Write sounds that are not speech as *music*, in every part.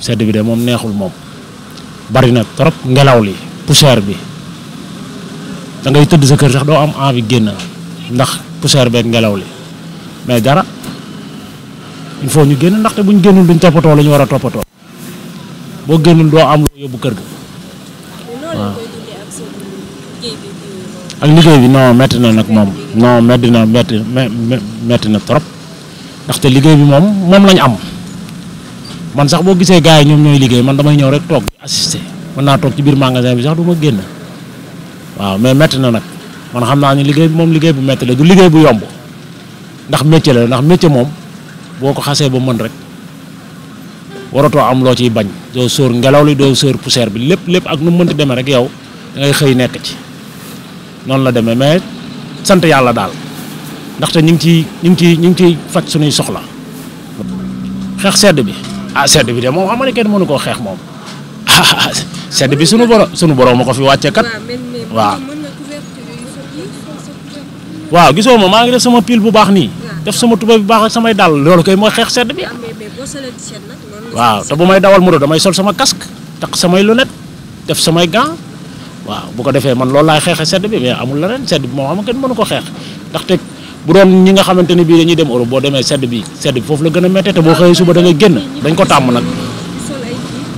sedd bi de mom neexul mom bari na trop ngelaw li poussière bi da ngay tudd sa kër sax do am envie genn ndax poussière bek ngelaw li mais dara il faut ñu génn ndaxte buñ génnul duñ toppatoo la ñu war a toppatoo boo am lo yobu kër ga waaw ak liggéey bi non metti na nag moom non metti na metti metti na trop te liggéey bi mom mom lañ am man sax boo gisee gars yi ñoom ñooy liggéey man damay ñëw rek toog di assister mën naa toog ci biir magasin bi sax duma génn waaw mais métti na nag man xam naa ne liggéey bi moom liggéey bu métti la du liggéey bu yomb ndax métier la ndax métier moom boo ko xasee ba mën rek waratoo am loo ciy bañ doo sóor ngelaw li doo sóor poussière bi lépp lépp ak nu mënti demee rek yow da xëy nekk ci noonu la demee mais sant yàlla daal ndaxte ñu ngi ciy ñu ngi ciy ñu ngi ciy faj suñuy soxla xeex sedd bi ah sedd bi de moom xamane mau kenn mënu koo xeex *laughs* sedd bi sunu borom sunu borom mako fi wacce kat waaw waaw mo ma ngi def sama pile bu bax ni def sama tuba bu bax ak samay dal lolou kay mo xex sedd bi waaw te bu may dawal moto damay sol sama casque tak samay lunette def samay gants waaw bu ko defé man lolou lay xexé sedd bi mais amul leneen sedd mo xam mënu ko ndax bu doon ñi nga xamante ni bii dañuy dem Europe boo demee sedd bi sedd bi foofu la gën a méttee te boo xëyee suba da ngay génn dañ ko tàmm nag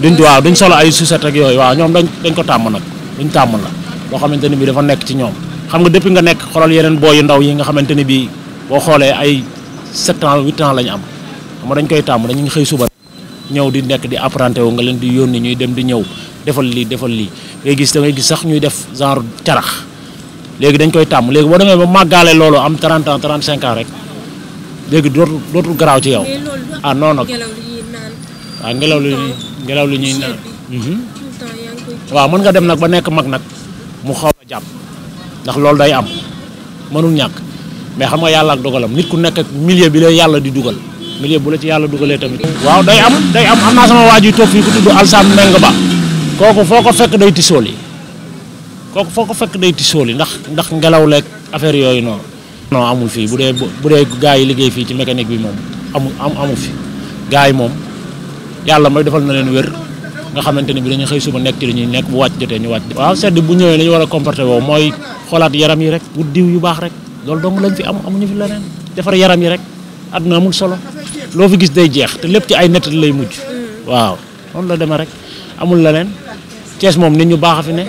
duñ waaw duñ solo ay suset ak yooyu waaw ñoom dañ dañ ko tàmm nag luñ tàmm la boo xamante ni bii dafa nekk ci ñoom xam nga depuis nga nekk xoolal yeneen booy yu ndaw yi nga xamante ni bii boo xoolee ay sept ans huit ans lañ am xam nga dañ koy tàmm dañu xëy suba ñëw di nekk di apprenti wu nga leen di yónni ñuy dem di ñëw defal lii defal lii ngay gis da ngay gis sax ñuy def genre carax légui dañ koy tam légui bo da nga ba magalé lolu am 30 ans 35 ans rek légui dootul dootul graw ci yow ah non nag waaw ngelaw li ah, ngelaw li nan hmm wa mën nga dem nak ba nek mag nak mu xaw a jàpp ndax lolu day am mënul ñak mais xam nga yalla ak dogalam nit ku nek ak milieu bi lay yalla di dugal milieu bu la ci yalla dugalee tamit waaw day am day am amna sama waaju tok fi ku tuddu alsam meng ba kooku foo fekk day tisoli kooku foko fek day tisoli ndax ndax ngelaw lek affaire yoy non non amul fi bu dee gaay yi liggéey fi ci mécanique bi mom amul am amul fi gaay mom yalla may defal na len wër nga xamanteni bi dañu xey suba nek ci li nek bu wacc jotee ñu wacc waaw sédd bu ñëwé dañu wara comporter woo moy xolaat yaram yi rek bu diiw yu baax rek lool dong lañ fi am amuñu fi leneen defar yaram yi rek aduna amul solo lo fi gis day jeex te lepp ci ay nettal lay mujj mm. waaw noonu la demee rek amul leneen. Thiès moom nit ñu baax a fi ne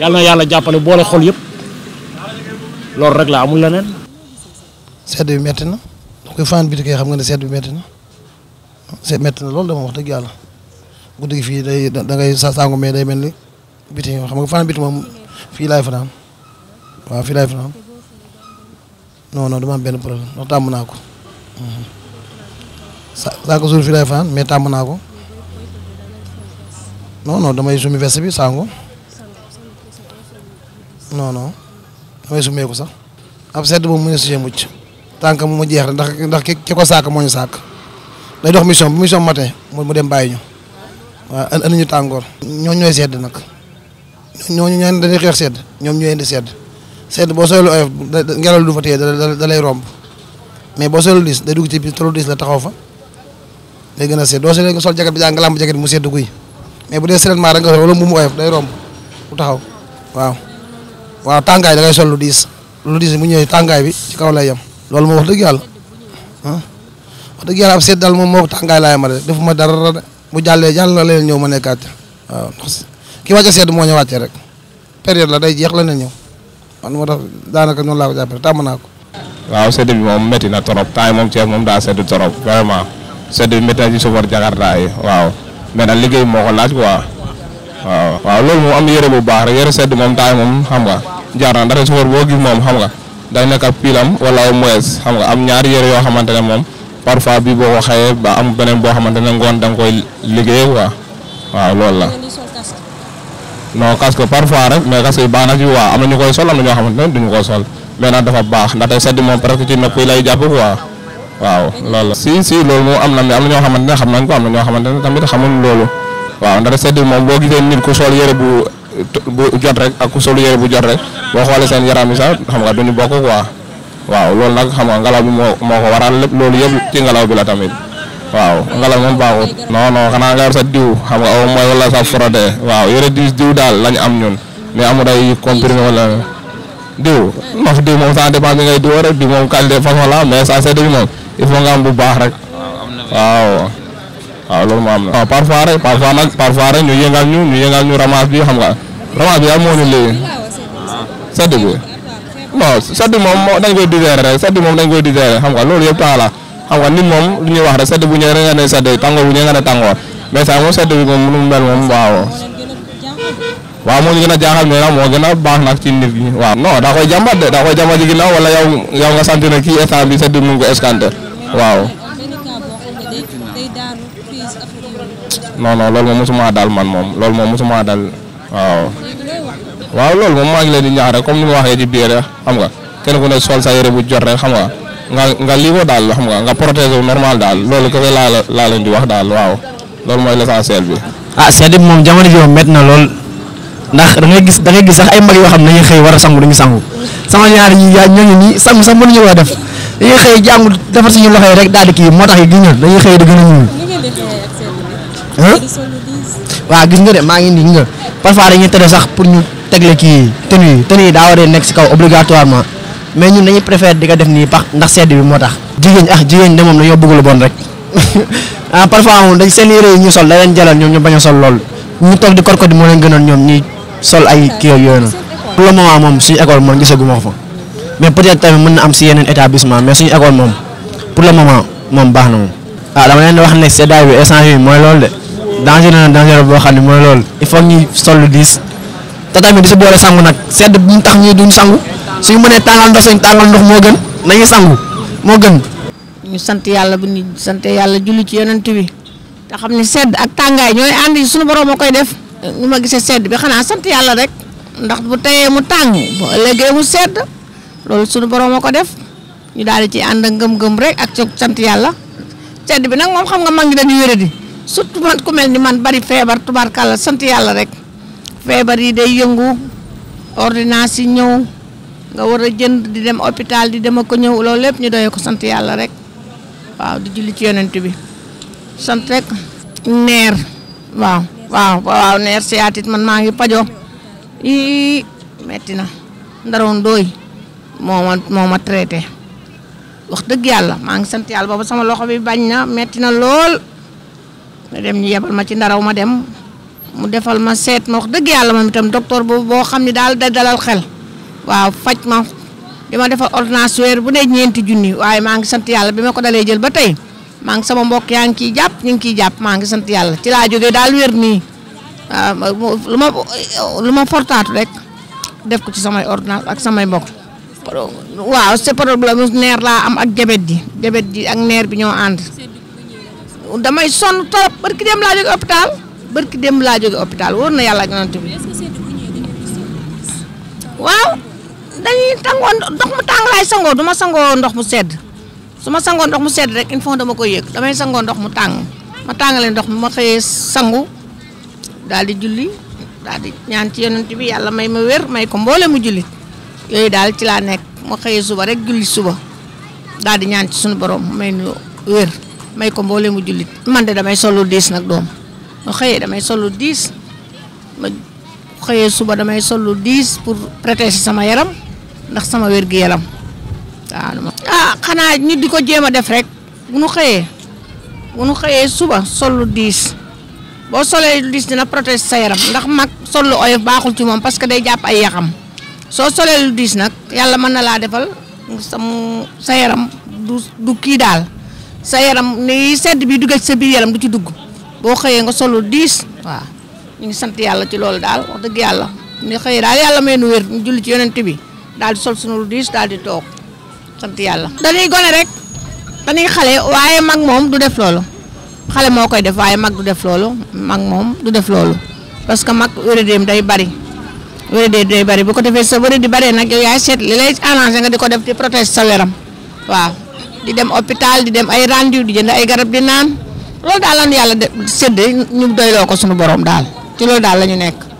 yàlla na yàlla jàppale boole xol yëpp loolu rek la amul leneen. sedd bi métti na da koy fanaan biti kay xam nga ne sedd bi métti na sedd loolu dama wax dëgg yàlla guddi gi fii day da ngay sa sangu mais day mel ni biti xam nga fanaan biti moom fii lay fanaan waaw fii laay fanaan non non dama am benn problème ndax tàmm naa ko mhm. sa saako suur fii laay fanaan mais tàmm naa ko. non non damay sumi veste bi sangu non non ko sax ab sedd boobu mu ne sujee mucc tànk mu jeex rek ndax ndax ki ko saak moo ñu saak day dox mission bi mission matin mu dem bàyyi ñu waaw indi ñu tàngoor. ñooñu ñooy sedd nag ñooñu ñooñu dañuy xeex sedd ñoom ñooy indi sedd sedd boo soobee lu oyof ngelaw du fa téye da da lay romb mais boo soobee lu diis day dugg ci biir te diis la taxaw fa day gën a sedd doo soobee sol jacket bi daal nga làmb jacket mu sedd guy. mais eh, bu dee ma da nga wala mu mu day romb ku taxaw waaw waaw tangay da ngay sol lu dis lu dis mu ñëw tangay bi ci kaw lay yam loolu mo wax deug yalla ah wax deug yalla ab seet daal mo moo tàngaay laa yemale defu ma dara bu jàllee jàll na leen ñëw ma nekkaat waaw ki ki sét mo ñëw ñëwaatee rek période la day jeex la na ñëw man mo tax daanaka ñu la ko jappé tàmm naa ko. waaw sét bi mom metti na torop tay mom moom mom da sét torop vraiment sét bi métti na ci chauffeur Jakarta yi waaw. mais nag liggéey moo ko laaj quoi waaw waaw loolu moom am yére bu baax rek yére sedd moom taay moom xam nga jaar na dara sofor boo gis moom xam nga day nekk ak pilam wala xam nga am ñaari yére yoo xamante ne moom parfois bi boo ko ba am beneen boo xamante ne ngoon da nga koy liggéey quoi waaw loolu la. non casque parfois rek mais casque yi baax na ci waa am na ñu koy sol am na ñoo xamante ne duñu ko sol mais nag dafa baax ndax tey sedd moom presque ci nopp yi lay jàpp quoi. waaw loolu la si si loolu am na am na ñoo xamante ne xam nañ ko am na xamante ne tamit xamuñ loolu waaw ndax seddil moom boo gisee nit ku sol yëre ku sol yëre bu jot rek boo xoolee seen yaram yi sax xam nga duñu bokk quoi waaw loolu nag xam nga ngelaw bi moo moo ko waral loolu yëpp ci ngelaw bi la tamit waaw ngelaw moom baaxut non non xanaa nga sa diw xam nga aw mooy wala sa frotté waaw yëre diw diw daal lañ am ñun mais amul ay comprimé wala diw nof diw moom ça dépend mais ça sedd bi moom il faut bu baax rek waaw waaw loolu moo am na. waaw parfois rek parfois nag ñu yëngal ñu ñu yëngal ñu ramas bi xam nga ramas bi daal moo ñu léegi sedd bi non moom dañ koy digérer rek sedd moom dañ koy digérer xam nga loolu yëpp temps la xam ni moom lu ñuy wax rek sedd bu ñëwee rek nga ne sedd tàngoor bu ñëwee nga ne tàngoor mais saa moom sedd bi moom mu mel moom waaw. wa mo ñu gën a jaaxal mo nag moo baax nak ci nit ñi wa non da koy jambat de daa koy jàmbat ci ginaaw wala yow yow nga santé ne kii état eh, bi sa dum ko escanté waaw non non lool mo musuma dal man mom lool mo musuma dal waaw waaw lool mo ma ngi leen di ñaar rek comme ni ma waxe di biir xam nga kene ko ne sol sa yere bu jot rek xam nga nga nga lii ko daal xam nga nga protéger oh, normal dal lool ko la la leen di wax daal waaw loolu mooy l'essentiel bi ah sedd mom jamono ji met na lool ndax da ngay gis da ngay gis sax ay mbag yo xam ne xey wara sangu dañu sangu sama ñaar yi ya ñoo ni sam sam sax ñu war def dañuy xey jangu defal suñu loxo rek daal iya, di kii moo yi gënal dañuy xey de gënal ñu ñuul waaw gis nga de ma ngi ni nga parfois dañuy tere sax pour ñu tegle ki tenue yi tenue yi daa war nekk si kaw obligatoirement mais ñun dañuy préférer diga def ni bax ndax sedd bi motax tax ah jigéen de mom la bëgg lu bon rek *laughs* ah parfois moom dañ seen yére ñu sol da leen jalal ñom ñu baña sol lool ñu tok di korko di mo leen gënal ñom ñi sol ay kiyo ak yooyu noonu pour le moment moom suñu école mom gisaguma ko fa mais peut-être tamit mën na am si yenen établissement mais suñu école mom pour le moment mom baxna mom ah dama len wax ne seddaay bi essence bi moy lol de eh. danger na danger bo xamni moy lol il faut ñi sol lu ta te tamit di si boole sangu nag sedd bu mu tax ñi duñ sangu suñu mënee tangal ndox suñu tangal ndox mo gën nañu sangu mo gën. ñu sant yalla bu ñu sant yalla julli ci yenen tibi te xam sedd ak tangay ñoy andi suñu borom mo koy def nu ma gisee bi xana sant yalla rek ndax bu tayé mu tang bo légué mu sédd lolou suñu borom a def ñu daal ci and ngëm-ngëm rek ak ci sant yalla sédd bi nak mom xam nga ngi dañu di surtout man ku melni man bari fébar tubarkalla sant yalla rek fébar yi day yëngu ordonnance yi ñëw nga wara jënd di dem hôpital di dem ko ñëw lolou lepp ñu doyé ko sant yalla rek waaw di julli ci yonent bi sant rek ner waaw Wow, wow, neer si atit man maa ngi pajo i metti na ndaroon dooy moo ma moo ma traité wax dëgg yàlla maa ngi sant yàlla booba sama loxo bi bañ na metti na lool ma dem ñu yebal ma ci ndaraw ma dem mu defal ma seet ma wax dëgg yàlla moom itam docteur boobu boo xam daal da dalal xel waaw faj di ma defal ordonnance weer bu ne ñeenti junni waaye maa ngi sant yàlla bi ma ko dalee jël ba tey mang sama mbok yang kijap ciy kijap mang ngi cila juga maa ni ah, luma luma fortat laa jógee daal wér nii lu ma lu ma fortaatu rek def ko ci samay ordonnance ak samay mbokk waaw c'est problème neer laa am ak jabet ji jabet ji ak neer bi ñoo ànd damay sonn trop barki dem laa jógee hôpital barki dem laa jógee hôpital wóor na yàlla ya ak bi waaw dañuy tàngoo ndox mu tàng laay ndox mu sedd suma sangon ndox mu sedd rek une fois dama ko yek damay sangon ndox mu tang ma tangale ndox mu ma xey sangu dal di julli dal di ñaan ci yonent bi yalla may ma wër may ko mbolé mu julli yoy dal ci la nek ma xey suba rek julli suba dal di ñaan ci sunu borom may nu wër may ko mbolé mu julli man de damay solo 10 nak dom ma xey damay solo 10 ma xey suba damay solo 10 pour prêter sama yaram ndax sama wër gi yaram taaluma ah xana ñu diko jema def rek bu nu xëyee bu nu xëyee suba solo 10 bo solo 10 dina protéger sa yaram ndax mak solo oyof baaxul ci mom parce que day japp ay yaxam so solo 10 nak yalla man mën na laa defal sam sa yaram du du ki dal sa yaram ni sedd bi duggal sa bi yaram du ci dugg bo xeye nga solo 10 wa ñu ngi sant yalla ci loolu dal wax deug yalla ni xeye dal yalla may nu wër ñu julli ci yonent bi dal sol sunu 10 dal di tok sant yalla dañuy goné rek dañuy xalé waye mag mom du def lolu xalé mo koy def waye mag du def lolu mag mom du def lolu parce que mag wérédéem day bari wérédéem day bari bu ko défé sa wéré di bari nak yow yaay sét li lay arrangé nga di def di protège sa wéram waaw di dem hôpital di dem ay rendez-vous di jënd ay garab di naan lolu daal lan yàlla séddee ñu doylo ko suñu borom dal. ci lolu dal lañu nekk